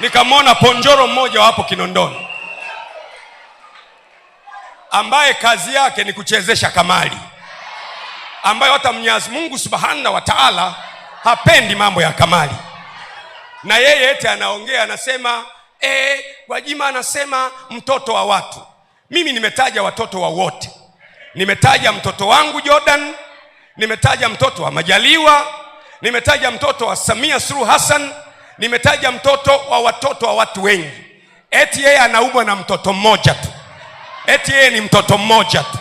nikamwona ponjoro mmoja wapo Kinondoni ambaye kazi yake ni kuchezesha kamali ambayo hata Mwenyezi Mungu Subhanahu wa Ta'ala hapendi mambo ya kamali na yeye eti anaongea anasema e, anasema mtoto wa watu. Mimi nimetaja watoto wa wote, nimetaja mtoto wangu Jordan, nimetaja mtoto wa Majaliwa, nimetaja mtoto wa Samia Suluhu Hassan Nimetaja mtoto wa watoto wa watu wengi, eti yeye anaumwa na mtoto mmoja tu, eti yeye ni mtoto mmoja tu,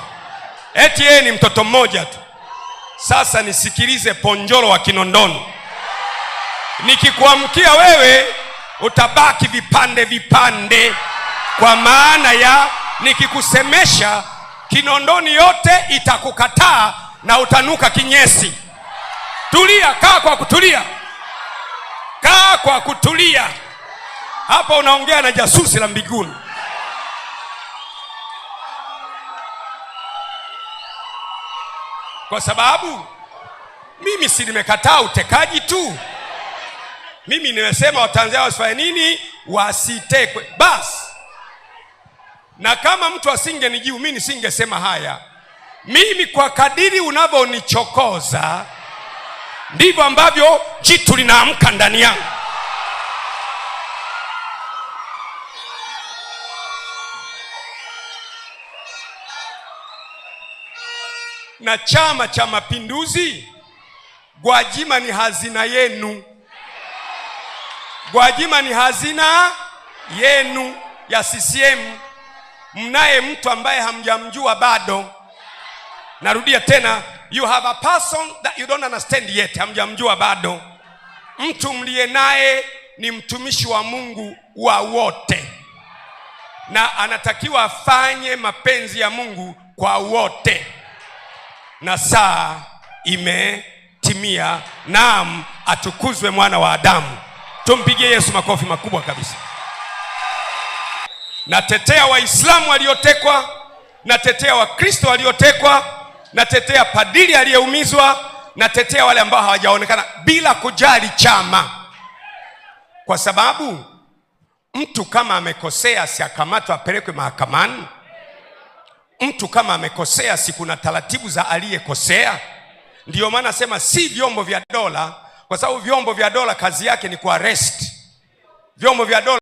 eti yeye ni mtoto mmoja tu. Sasa nisikilize, ponjoro wa Kinondoni, nikikuamkia wewe utabaki vipande vipande, kwa maana ya nikikusemesha Kinondoni yote itakukataa na utanuka kinyesi. Tulia, kaa kwa kutulia kwa kutulia. Hapa unaongea na jasusi la mbinguni. Kwa sababu mimi si nimekataa utekaji tu, mimi nimesema Watanzania wasifanye nini? Wasitekwe basi. Na kama mtu asingenijiu mimi nisingesema haya. Mimi kwa kadiri unavyonichokoza ndivyo ambavyo jitu linaamka ndani yangu. na Chama cha Mapinduzi. Gwajima ni hazina yenu, Gwajima ni hazina yenu ya CCM. Mnaye mtu ambaye hamjamjua bado. Narudia tena, you have a person that you don't understand yet, hamjamjua bado. Mtu mliye naye ni mtumishi wa Mungu wa wote, na anatakiwa afanye mapenzi ya Mungu kwa wote na saa imetimia, naam, atukuzwe mwana wa Adamu. Tumpigie Yesu makofi makubwa kabisa. Natetea Waislamu waliotekwa, natetea Wakristo waliotekwa, natetea padili aliyeumizwa, natetea wale ambao hawajaonekana, bila kujali chama, kwa sababu mtu kama amekosea, si akamatwa apelekwe mahakamani? Mtu kama amekosea, si kuna taratibu za aliyekosea? Ndiyo maana sema si vyombo vya dola, kwa sababu vyombo vya dola kazi yake ni kuarrest vyombo vya dola